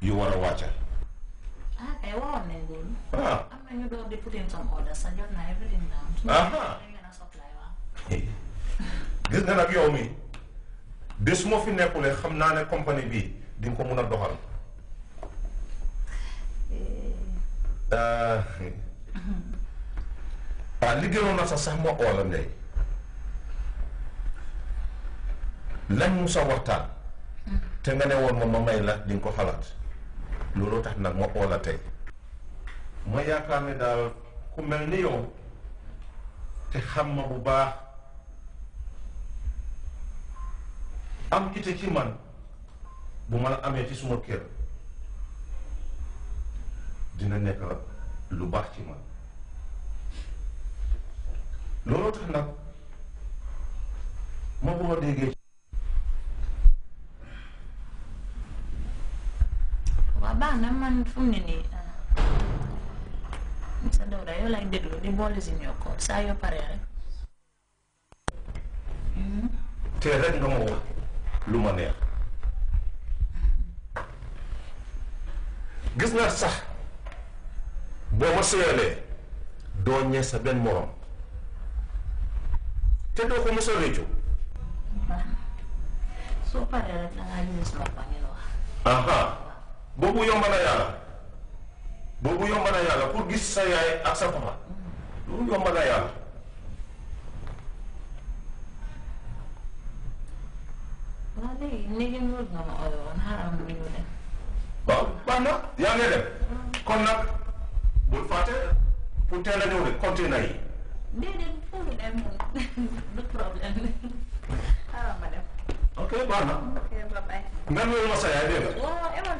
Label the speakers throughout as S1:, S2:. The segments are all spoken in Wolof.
S1: yu war a wàcce.
S2: ah kay waxoon na
S1: ñu nag yow mi bés moo fi nekkulee xam naa ne compagnie bi di ko mun a doxal. Eh. Ah, ah liggéeyoon na sax sax ma oola ndey lañ mu sa waxtaan. Hmm. te nga ne woon moom ma may la di ko xalaat. looloo tax nag ma oola tey ma yaakaar ne daal ku mel ni yow te xam ma bu baax am ite ci man bu ma la amee ci suma kër dina nekk lu baax ci man looloo tax nag ma bëgg déggee
S2: na man fu mu ne nii Mr ah. Dawda yow lay déglu di boole si ñoo ko saa yoo paree rek.
S3: Hmm?
S1: te rek nga ma lu ma neex gis naa sax boo ma doo ñee sa benn morom te doo ko mos a réccu
S2: soo paree rek da ngaa ñëw sama
S1: wax. boobu yomb na yàlla boobu yomb na gis sa yaay ak sa papa loolu yomb na yàlla
S2: waaw léegi léegi nuur nga ma oyo woon xaaral ma ñëw yi déedéet foofu dem du problème
S1: sa yaay dégg
S2: nga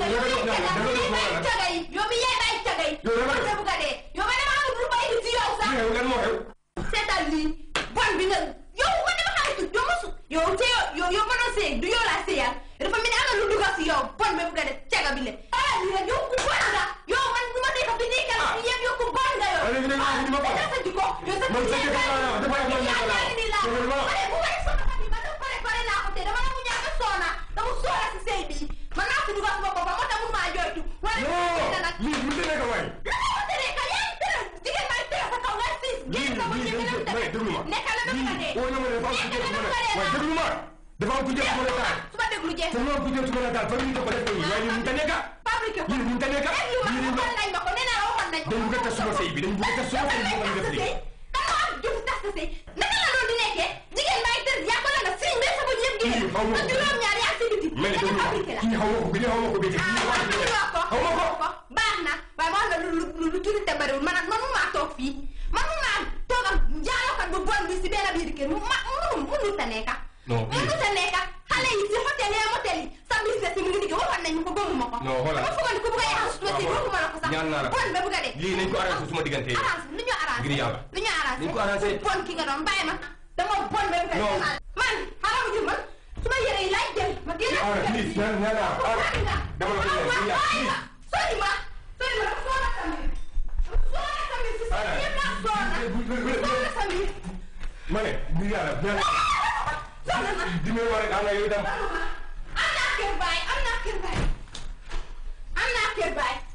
S4: xam nga yow mii yaay cagay yow mii yaay bàyyi cagay. yow dama def ko dee yow man dama xamul lu may indi ci yow sax. yow lan moo xew. seetal lii bon bi nga yow man dama xamante ni yow mosu yow te yow yow mënoo see du yow laa seeyal dafa mel ni am na lu dugal si yow bon bi nga def caga bi la. ah lii rek yow ku bon nga yow ma dee ko fi ñuy gal si yëpp yow ku bon nga yow. ah dina sa jikko wóor na ma ne dafa am ku jëm su ma ne waaye déglu ma dafa am ku jëm su ma ne taal su ma déglu jeex te am ku jëm su ma ne taal fa ñu ko def ñu waaye ñu ta nekka fabriqué ko ñu ta nekka ñu ma lay ma ko nee naa waxoon nañ ko dañu bëgg a tas suma sëy bi dañu bëgg a tas suma sëy bi mo def li dama am jëm tas sa sëy naka la loolu di nekkee jigéen bay tër ya ko la nga sëy mais sama jëm gi ma juróom ñaar yaa ci biti mais dañu fabriqué la ñu xaw ma ko bi ñu xaw ma ko bi ci xaw ma ko baax na waaye ma la lu lu lu ci te bariwul man man mu ma toog fii dama foogoon ku bëgg a yàq suma sëy waxuma la ko sax ñaan naa la bon ba bëgg a dee lii nañ ko
S1: arrangé suma diggante yi arrangé
S4: lu ñu arrangé ngir yàlla lu ñu arrangé nañ ko arrangé bon ki nga doon bàyyi ma dama bon ba bëgg a dee man xaramu jur man suma yére yi laay jël ma génn
S1: please ñaan ñaan naa dama la ko
S4: ñaan sori ma sori ma dafa soona samir
S1: soona samir si sa
S4: yëpp
S3: laa soona soona samir ma ne ngir yàlla soona na dina war rek am na yooyu dem am
S4: naa kër bàyyi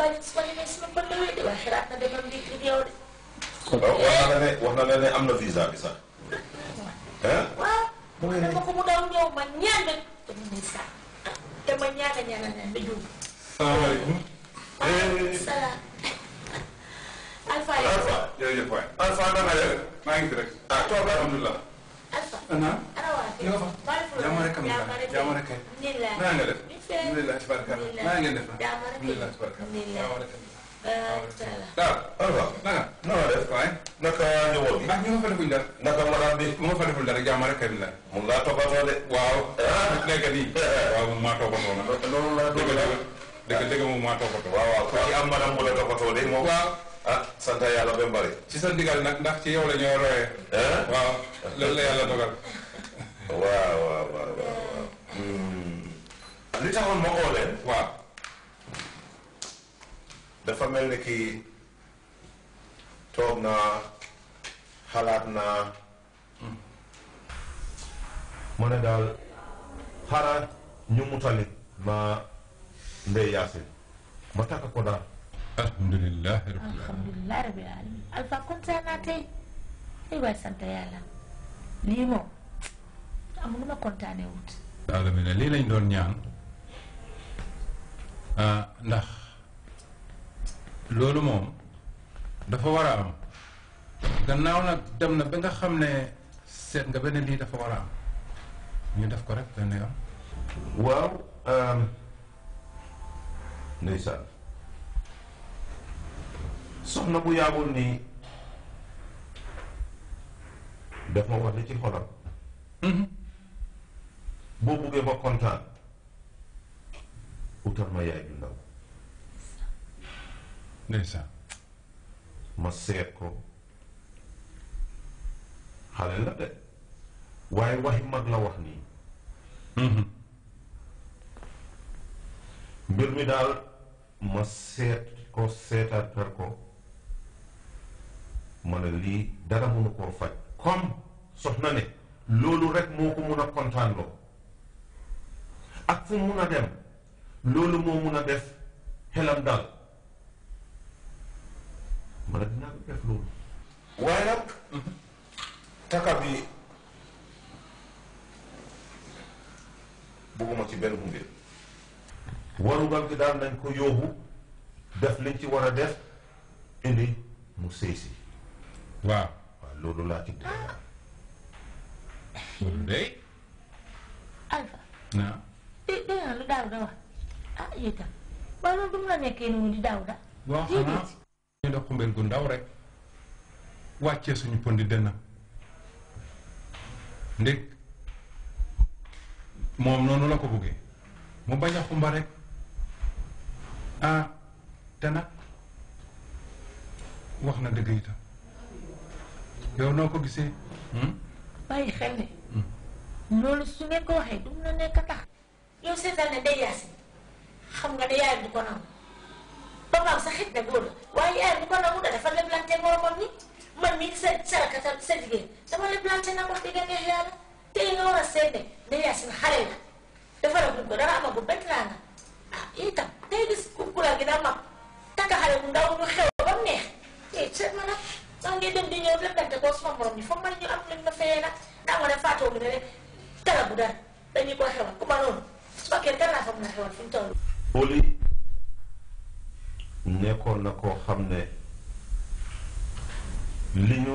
S2: bañ ma ne mais su ma ko lëwee de waaye xalaat na demam bi fi yow de.
S1: wax na ne wax na ne am na visa bi sax. waaw. mooy dama
S2: ko mu daw ñëw ma ñaan na te mu ne sax te ma ñaan a ñaan a ñaan a jóg.
S3: salaamaaleykum.
S2: maaleykum salaam. Alpha yow. Alpha jërëjëf waay. Alpha naka la maa ngi fi rek. ah toogal alhamdulilah.
S3: Alpha. ñoo fa. jàmm rek am na jàmm rek kay. naa nga def. alhamdulilah tabaraka naa ngeen def. alhamdulilah tabaraka waaw au revoir naka. na nga def waay. naka njaboot bi. ndax ñu ma fa defuñ dara. naka madame bi. bu ma fa deful dara jàmm rek alhamdulilah. mun laa toppatoo de. waaw. nekk nii. waaw moom maa toppatoo na. loolu laa dugg la dëgg dëgg moom maa toppatoo. waaw waaw ku ci am madame bu la toppatoo de moom. waaw. ah sant yàlla ba mu
S1: bari. ci sa ndigal nag ndax ci yow la ñoo royee. waaw loolu la yàlla dogal. waaw
S3: waaw waaw waaw.
S1: Hmm.
S3: li taxoon ma oo
S1: waaw. dafa mel ni ki toog naa xalaat naa. mu ne daal xara ñu mutali ma Ndeye Yacine ma takk ko daal. alhamdulilah
S2: rabbil alamin alhamdulilah alamin Alpha kontaan naa tey ay waay sant yàlla lii am lu ma kontaanee wut.
S3: lii lañ doon ñaan ah, ndax loolu moom dafa war a am gannaaw nag dem na ba nga xam ne seet nga benn lii dafa war a am ñu def ko rek dana am. waaw. Um, ndeysaan
S1: soxna bu yaagul nii daf ma wax ci xolam. Mhm. boo buggee ba kontaan utal ma yaay ju ma seet ko xale la de waaye waxi mag la wax nii mm-hmm. mbir mi daal ma seet ko seetaatal ko ma lii dara mënu koo faj comme soxna ne loolu rek moo ko mun a kontaan loo ak fu mun a dem loolu moo mun a def xelam daal man a dinaa ko def loolu waaye nag taka bi bëgguma ci benn mbir warugal gi daal nañ ko yóbbu def liñ ci war a def indi mu sëy si waaw waaw loolu laa ci bëgg loolu
S3: day
S2: alfa itam waaye loolu du mun a nekkee noonu di daaw da
S3: waaw xanaa ñu da xumbeel gu ndaw rek wàcce suñu pondi dënam ndég moom noonu la ko bëggee mu bañ a xumba rek ah te nag wax na dëgg itam yow noo ko gisee hmm?
S2: bàyyi xel ne hmm. loolu su ngeen ko waxee du mun a nekk a tax yow seetal ne day yaasin xam nga ne yaayam du ko nangu papaam sa xit ne góor la waaye yaayam du ko nangu da dafa leblante moromam ni man mii sa sarakata sa jigéen dama leblante na ko diggante yàlla tey nga war a seet ne ne Yacine xale la dafa rafetlu ko dara amagul benn laa na ah itam gi daa mag takka xale bu ndaw ñu xew ba mu neex tey seet ma nag sax ngay dem ma fayee nag rek dara bu dara dañuy ko xewal ku ma noonu su fekkee dara laa fa mën a xewal fi mu
S1: wóoli nekkoon na koo xam ne li ñu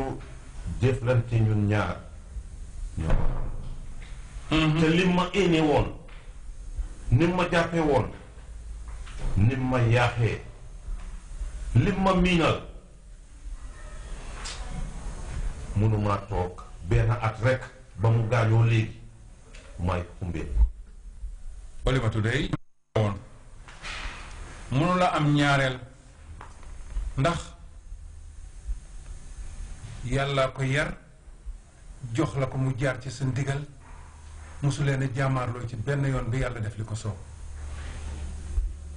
S1: jëflante ñun ñaar mm-hmm. te lim ma éene woon nim ma jàppe woon nim ma yaaxee lim ma miinal mënumaa toog benn at rekk ba mu gaañoo léegi may xumbee Oliver Today
S3: mënu la am ñaareel ndax yàlla ko yar jox la ko mu jaar ci sa ndigal mosu leen a jàmmaarloo ci benn yoon bi yàlla def li ko soow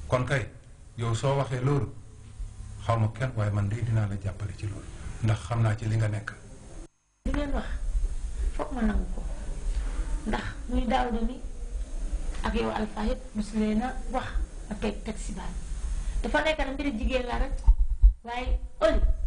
S3: kon kay yow soo waxee loolu xaw ma kenn waaye man de dinaa la jàppale ci loolu ndax xam naa ci li nga nekk.
S2: li ngeen wax foog ma nangu ko ndax muy daaw de mi ak yow Alpha it wax ma teg teg si baat dafa nekk nag mbiri jigéen la rek waaye ëllëg